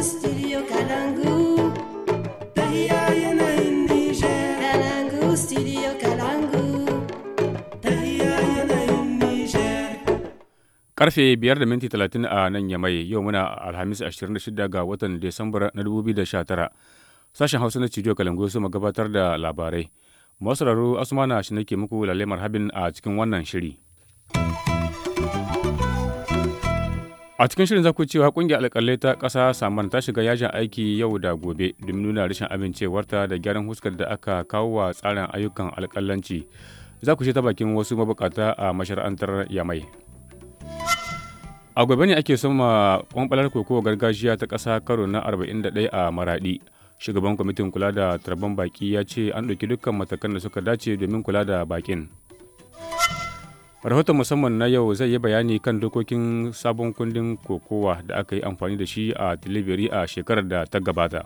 studio Karfe 5 da minti 30 a nan ya mai yau muna Alhamis 26 ga watan Disambar na 2019. Sashen Hausa na Studio Kalangu su gabatar da labarai. Masu raro Asmana shi nake muku lalemar habin a cikin wannan shiri. A cikin shirin zaku cewa kungiyar alƙalai ta ƙasa saman ta shiga yajin aiki yau da gobe domin nuna rashin amincewarta da gyaran huskar da aka kawo wa tsarin ayyukan alkalanci. Za ku ta bakin wasu mabukata a mashara'antar Yamai. A gobe ne ake soma kwamfalar koko gargajiya ta ƙasa karo na 41 a Maraɗi. Shugaban kwamitin kula da tarban baki ya ce an ɗauki dukkan matakan da suka dace domin kula da baƙin. rahoton musamman na yau zai yi bayani kan dokokin sabon kundin kokowa da aka yi amfani da shi a tilibiri a shekarar da ta gabata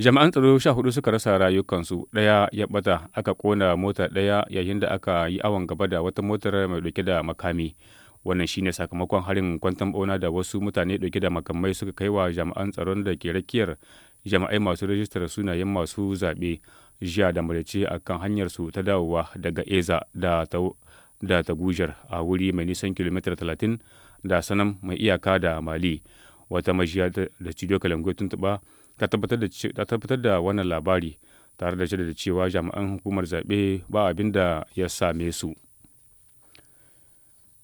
jami'an tsaro sha hudu suka rasa rayukansu ɗaya ya bata aka kona mota ɗaya yayin da aka yi awon gaba da wata motar mai ɗauke da makami wannan shine sakamakon harin kwantan bauna da wasu mutane ɗauke da makamai suka kai wa jami'an tsaron da ke rakiyar jama'ai masu rajistar sunayen masu zaɓe jiya da maraice a kan hanyarsu ta dawowa daga Eza da ta gujar a wuri mai nisan kilomita 30 da Sanam mai iyaka da Mali. Wata majiya da Cidio Kalangoyi tun tuba ta tabbatar da wannan labari tare da shaida cewa jami'an hukumar zaɓe ba abin da ya same su.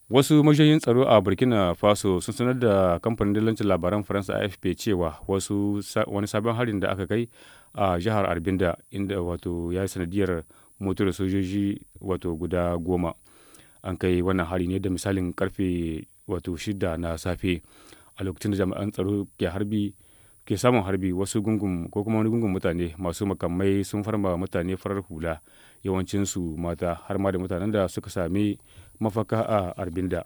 Wasu majiyoyin tsaro a Burkina Faso sun sanar da kamfanin dillancin labaran Faransa AFP cewa wasu wani sabon harin da aka kai a jihar Arbinda inda wato ya yi sanadiyar motar sojoji wato guda goma. An kai wannan hari ne da misalin karfe wato shida na safe a lokacin da jami'an tsaro ke harbi ke samun harbi wasu gungun ko kuma wani gungun mutane masu makamai sun farma mutane farar hula. yawancinsu mata har ma da mutanen da suka sami mafaka a arbinda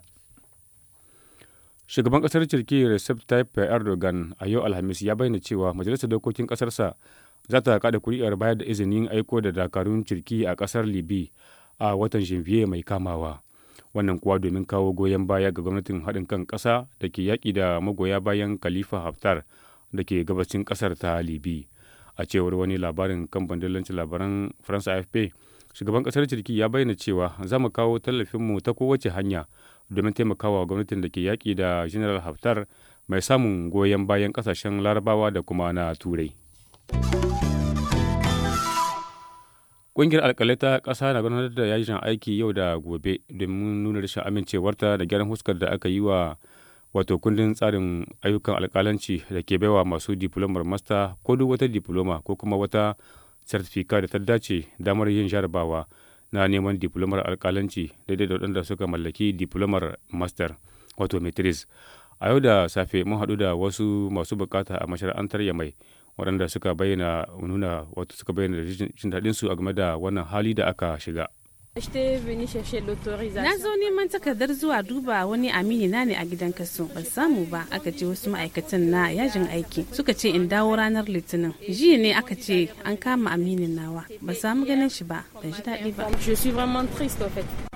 shugaban kasar turki recep tayyip erdogan a yau alhamis ya bayyana cewa majalisar dokokin kasarsa za ta kada kuri'ar bayar da izinin aiko da dakarun turki a kasar libi a watan janvier mai kamawa wannan kuwa domin kawo goyon baya ga gwamnatin haɗin kan ƙasa da ke yaƙi da magoya bayan khalifa haftar da ke gabacin ƙasar ta libi a cewar wani labarin kan dillancin labaran faransa afp shugaban kasar turki ya bayyana cewa za mu kawo tallafinmu ta kowace hanya domin taimakawa gwamnatin da ke yaƙi da general haftar mai samun goyon bayan ƙasashen larabawa da kuma na turai Ƙungiyar alƙalai ta ƙasa na gudanar da yajin aiki yau da gobe domin nuna rashin amincewarta da gyaran huskar da aka yi wa wato kundin tsarin ayyukan alkalanci da ke baiwa masu diplomar masta ko duk wata diploma ko kuma wata certificate da ta dace damar yin jarabawa na neman diplomar alkalanci daidai da waɗanda suka mallaki diplomar master wato matrix a yau da safe mun haɗu da wasu masu bukata a mashara'antar mai waɗanda suka bayyana nuna wato suka bayyana jin daɗinsu a game da wannan hali da aka shiga. Na zo neman takardar zuwa duba wani amini na ne a gidan kasu ban samu ba aka ce wasu ma'aikatan na yajin aiki suka ce in dawo ranar litinin jiya ne aka ce an kama aminin nawa ba samu ganin shi ba ban ji daɗi ba.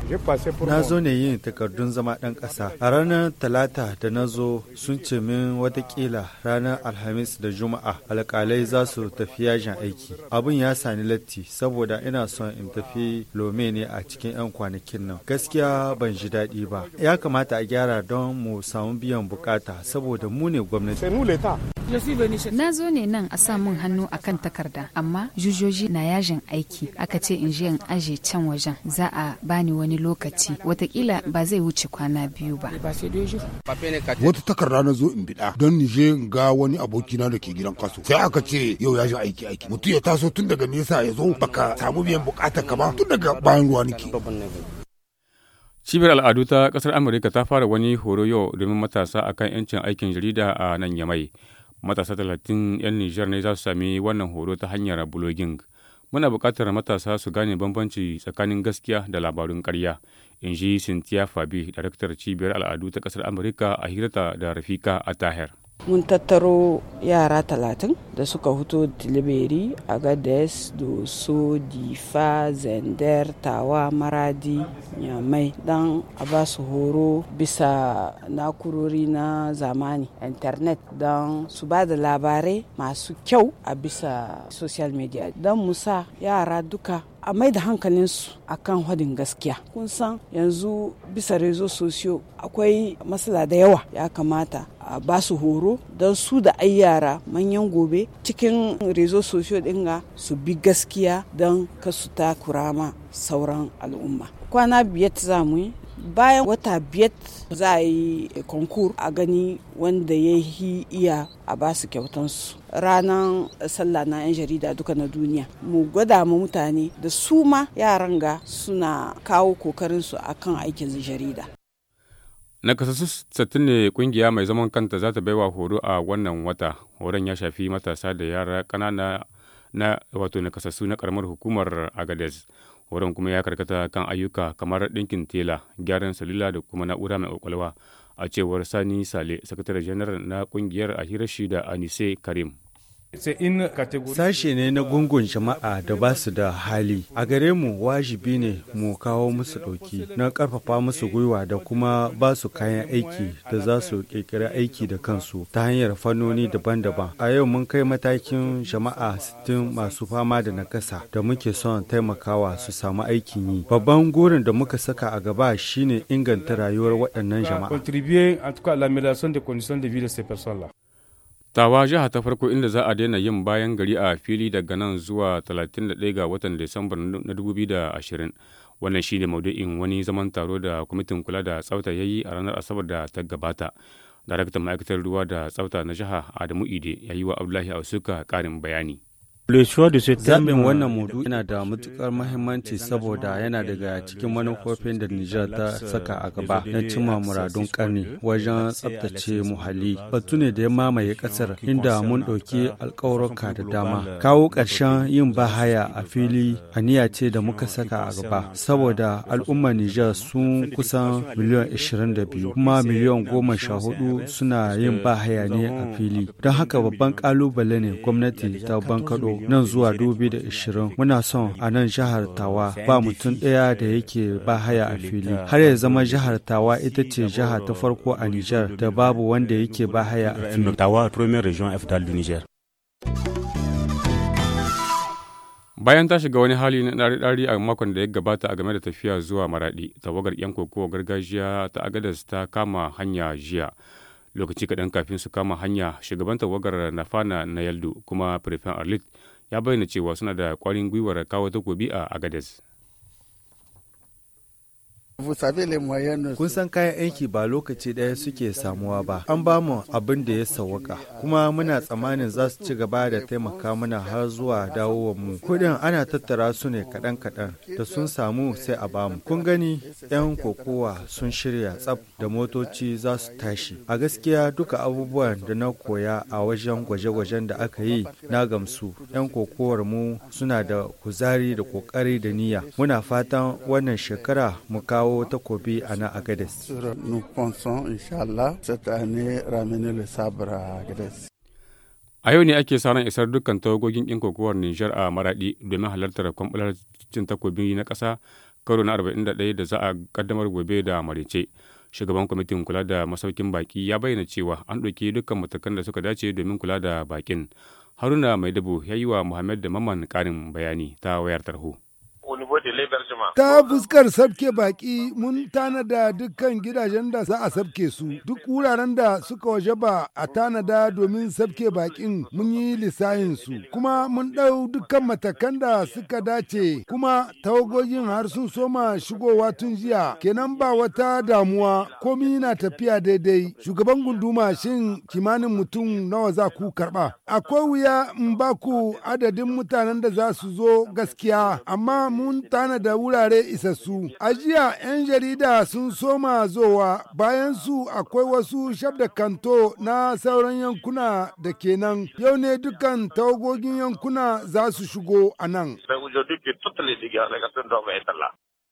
Na zo ne yin takardun zama ɗan ƙasa. A ranar Talata da na zo sun ce min watakila ranar Alhamis da Juma'a alƙalai za su tafi yajin aiki. Abin ya sani latti saboda ina son in tafi Lome ne a cikin 'yan kwanakin nan. Gaskiya ban ji daɗi ba. Ya kamata a gyara don mu samu biyan bukata saboda mu ne gwamnati. Na zo ne nan a sa mun hannu a kan takarda, amma jujoji na yajin aiki aka ce in je in aje can wajen za a bani wani lokaci watakila ba zai wuce kwana biyu ba. Wata takarda na zo in bida don ni je in ga wani abokina da ke gidan kaso. Sai aka ce yau yajin aiki aiki. Mutum ya taso tun daga nesa ya zo baka samu biyan bukatar ka ba tun daga bayan ruwa nake. Cibiyar al'adu ta ƙasar Amurka ta fara wani horo yau domin matasa akan 'yancin aikin jarida a nan Yamai. matasa talatin 'yan Nijar ne za su sami wannan horo ta hanyar blogging Muna buƙatar matasa su gane bambanci tsakanin gaskiya da labarun karya in ji Cynthia Fabi, daraktar cibiyar al'adu ta ƙasar Amurka a hirata da Rafika a Tahir. mun tattaro yara talatin da suka huto tilibiri agades doso difa zender tawa maradi nyamai don a ba su horo bisa na'kurori na zamani internet don su ba da labarai masu kyau a bisa social media don musa yara duka a mai da hankalinsu a kan hadin gaskiya kun san yanzu bisa rezo sosiyo akwai matsala da yawa ya kamata a ba su horo don su da yara manyan gobe cikin rezo sosiyo dinga su bi gaskiya don kasu ma sauran al'umma kwana biyar ta zamu yi bayan wata biyar za a yi konkur a gani wanda ya yi iya a ba su kyautansu ranar sallah na 'yan jarida duka na duniya mu gwada mu mutane da su ma yaran ga suna kawo kokarinsu kan aikin jarida nakasassu 60 ne kungiya mai zaman kanta za ta baiwa horo a wannan wata horon ya shafi matasa da yara ƙanana na wato nakasassu na karamar hukumar agades wurin kuma ya karkata kan ayyuka kamar ɗinkin tela gyaran salula da kuma na'ura mai ƙwaƙwalwa a cewar sani sale sakataren janar na ƙungiyar a hirashi da anise karim Sashe ne na gungun jama'a da ba su da hali. A gare mu wajibi ne mu kawo musu ɗauki na ƙarfafa musu gwiwa da kuma ba su kayan aiki da za su ƙirƙiri aiki da kansu ta hanyar fannoni daban-daban. A yau mun kai matakin jama'a sittin masu fama da nakasa da muke son taimakawa su samu aikin yi. Babban gurin da muka saka a gaba shine inganta rayuwar waɗannan jama'a. Tawa jiha ta farko inda za a daina yin bayan gari a fili daga nan zuwa 31 ga watan Disambar na 2020. Wannan shi ne maudu'in wani zaman taro da kwamitin kula da tsafta ya yi a ranar Asabar da ta gabata. Daraktan ma'aikatar ruwa da tsafta na jiha Adamu Ide ya yi wa Abdullahi Ausuka ƙarin bayani. Zaɓin euh, wannan mudu yana da matukar mahimmanci saboda yana daga cikin manufofin da Nijar ta saka a gaba na cimma muradun karni wajen tsabtace muhalli. Batu ne da ya mamaye ƙasar inda mun ɗauki alƙawarka da dama. Kawo ƙarshen yin bahaya a fili niyya ce da muka saka a gaba saboda al'ummar Nijar sun kusan miliyan 22 kuma miliyan 14 suna yin bahaya ne a fili. Don haka babban ƙalubale ne gwamnati ta bankaɗo nan zuwa 2020 muna son a nan jihar Tawa ba mutum ɗaya da yake ba haya a fili. Har ya zama jihar Tawa ita ce jiha ta farko a Nijar da babu wanda yake ba haya a fili. bayan ta shiga wani hali na ɗari-ɗari a makon da ya gabata a game da tafiya zuwa maraɗi tawagar 'yan kokowa gargajiya ta agadas ta kama hanya jiya lokaci kaɗan kafin su kama hanya shugaban tawagar nafana na yaldu kuma firfin arlit ya bayyana cewa suna da ƙwarin gwiwar kawo takobi a agades Kun san kayan aiki ba lokaci ɗaya suke samuwa ba. An ba mu abin da ya sawaka, kuma muna tsammanin za su ci gaba da taimaka mana har zuwa dawowar mu. Kuɗin ana tattara su ne kaɗan-kaɗan da sun samu sai a bamu. Kun gani 'yan kokowa sun shirya tsaf da motoci za su tashi. A gaskiya duka abubuwan da na koya a wajen gwaje-gwajen da aka yi na gamsu. 'Yan kokowar mu suna da kuzari da kokari da niyya. Muna fatan wannan shekara mu kawo takobi a nan Agades. A yau ne ake sa isar dukkan tawagogin ɗin kokowar Nijar a Maraɗi domin halartar kwamɓalar cin takobi na ƙasa karo na 41 da za a kaddamar gobe da Marice. Shugaban kwamitin kula da masaukin baki ya bayyana cewa an ɗauki dukkan matakan da suka dace domin kula da bakin. Haruna Maidabo ya yi wa Muhammad da Maman ƙarin bayani ta wayar tarho. Ta fuskar sabke baki mun tanada dukkan gidajen da za a sabke su duk wuraren da suka waje ba a tanada domin sabke bakin mun yi lisayin su kuma mun ɗau dukkan matakan da suka dace kuma tawagogin har sun soma shigowa tun jiya kenan ba wata damuwa komi na tafiya daidai shugaban gunduma shin kimanin mutum nawa za ku karɓa. Akwai wuya in ba ku adadin mutanen da za su zo gaskiya amma mun da wurare isassu. A jiya 'yan jarida sun soma zowa bayan su akwai wasu shabda kanto na sauran yankuna da ke nan. Yau ne dukkan tawagogin yankuna za su shigo a nan.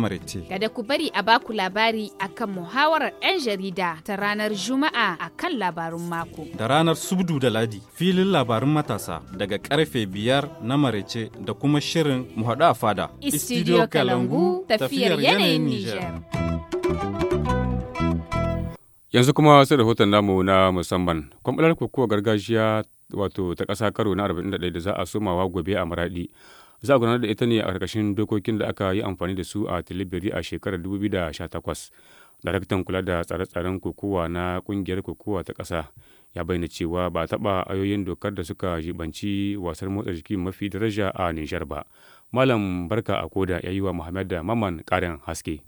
maraice. Kada ku bari a baku labari akan muhawarar 'yan jarida ta ranar Juma'a akan labarun mako. Da ranar Subdu da Ladi filin labarun matasa daga karfe biyar na maraice da kuma shirin muhaɗu a fada. Istidiyo Kalangu tafiyar yanayin Nijar. Yanzu kuma sai rahoton namu na musamman. Kwamɓalar kokowa gargajiya wato ta ƙasa karo na 41 da za a somawa gobe a Maraɗi. Za a gudanar da ita ne a ƙarƙashin dokokin da aka yi amfani da su a Tilibiri a shekarar 2018. Daraktan kula da tsare-tsaren kokowa na ƙungiyar kokowa ta ƙasa ya bayyana cewa ba taɓa ayoyin dokar da suka jibanci wasar motsa jiki mafi daraja a Nijar ba. Malam Barka a koda ya yi wa Muhammad da Maman ƙarin haske.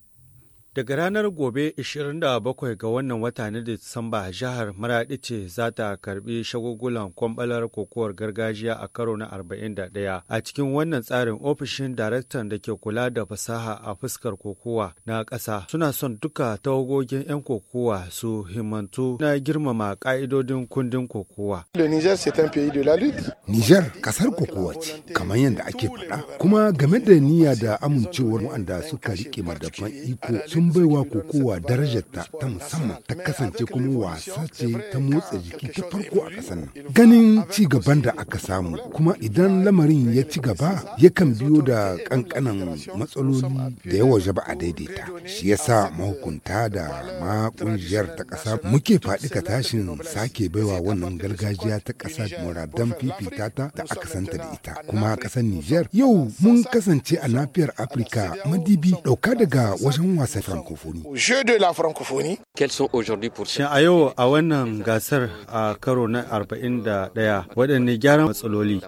Daga ranar gobe 27 ga wannan wata na Disamba jihar Maradi ce za ta karbi shagugulan kwambalar kokowar gargajiya a karo na 41. A cikin wannan tsarin ofishin daraktan da ke kula da fasaha a fuskar kokowa na ƙasa suna son duka tawagogin 'yan kokowa su himantu na girmama ƙa'idodin kundin kokowa. Nijar kasar kokowa ce kamar yadda ake faɗa kuma game da niyya da amincewar waɗanda suka riƙe madafan iko sun mun baiwa kokowa darajar ta ta musamman ta kasance kuma wasa ce ta motsa jiki ta farko a ƙasar nan. Ganin ci gaban da aka samu kuma idan lamarin ya ci gaba yakan biyo da ƙanƙanan matsaloli da yawa jaba a daidaita. Shi yasa mahukunta da ma ƙungiyar ta kasa muke faɗi ka tashin sake baiwa wannan gargajiya ta kasa muradan fifita ta da aka santa da ita. Kuma ƙasar Nijar yau mun kasance a nafiyar Afirka madibi ɗauka daga wajen wasa francophonie. a yau a wannan gasar a karo na 41 waɗanne gyaran matsaloli?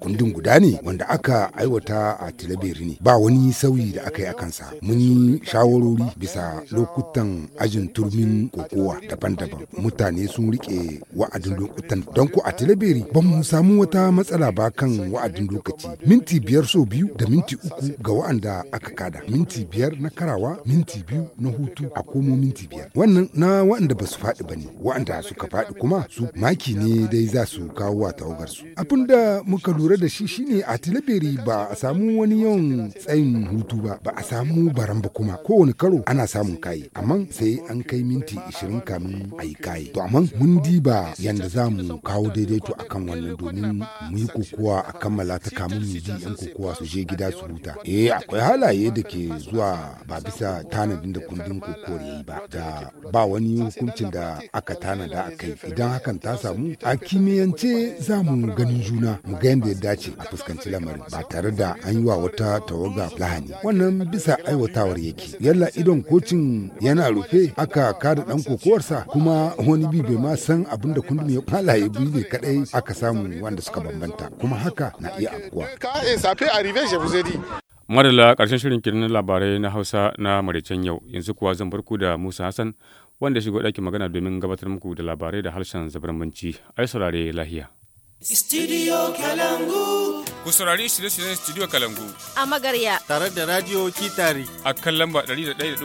Kundin guda ne wanda aka aiwata a tilabiri ne ba wani sauyi da aka yi a kansa. Mun yi shawarori bisa lokutan ajin turmin kokowa daban-daban. Mutane sun rike wa'adin lokutan don ku a tilabiri ba mu samu wata matsala ba kan wa'adin lokaci. Minti biyar so biyu da minti uku ga wa'anda aka kada. Minti biyar na karawa minti biyu na hutu a komo minti biyar wannan na waɗanda ba su faɗi ba ne waɗanda suka faɗi kuma su maki ne dai za su kawo wa tawagar su abin da muka lura da shi shine a tilabiri ba a samu wani yawan tsayin hutu ba ba a samu baran ba kuma kowane karo ana samun kayi amma sai an kai minti ishirin kamin a yi kaye to amma mun diba yanda za mu kawo daidaito akan wannan domin mu yi kokowa a kammala ta kamun mu ji yan kokowa su je gida su huta eh akwai halaye da ke zuwa ba bisa tanadin da kundin kokowar ya yi ba da ba wani hukuncin da aka tanada a kai idan hakan ta samu a kimiyance za mu ganin juna mu ga yadda ya dace a fuskanci lamarin ba tare da an yi wa wata tawaga lahani wannan bisa aiwatawar yake yalla idon kocin yana rufe aka kada dan kokowarsa kuma wani bi bai ma san abin da kundin ya halaye biyu ne kadai aka samu wanda suka bambanta kuma haka na iya afkuwa eh, Madalla ƙarshen shirin kiran labarai na Hausa na maraicen yau, yanzu kuwa zan barku da Musa Hassan wanda shigo ɗakin magana domin gabatar muku da labarai da harshen zabarmanci. Ai saurare lahiya. Studio Kalangu. Ku saurari shirye-shiryen Studio Kalangu. A Magarya. Tare da Radio Kitari. A kan lamba 101.5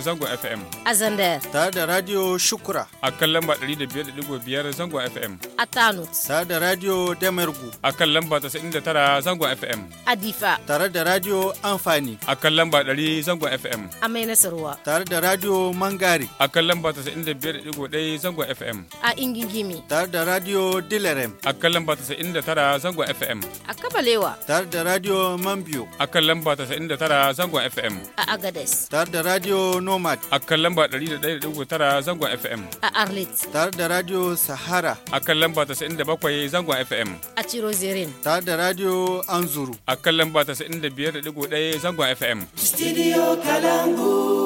zangon FM. A Zandar. Tare da Radio Shukura. A kan lamba 105.5 zangon FM. A Tano. Tare da Radio Damergu. A kan lamba 99 zangon FM. A Difa. Tare da Radio Amfani. A kan lamba 100 zangon FM. A Mai Nasarwa. Tare da Radio Mangari. A kan lamba 95.1 zangon FM. A Ingigimi. Tare da Radio Dilerem. A kan lamba 99 zangon FM. Kabalewa. Tare da Radio Mambio. A kan lamba tara zangon FM. A Agades. Tare da Radio Nomad. A kan lamba tara zangon FM. A Arlit. Tare da Radio Sahara. A kan lamba bakwai zangon FM. A zirin. Tare da Radio Anzuru. A kan lamba 95.1 zangon FM. Studio Kalangu.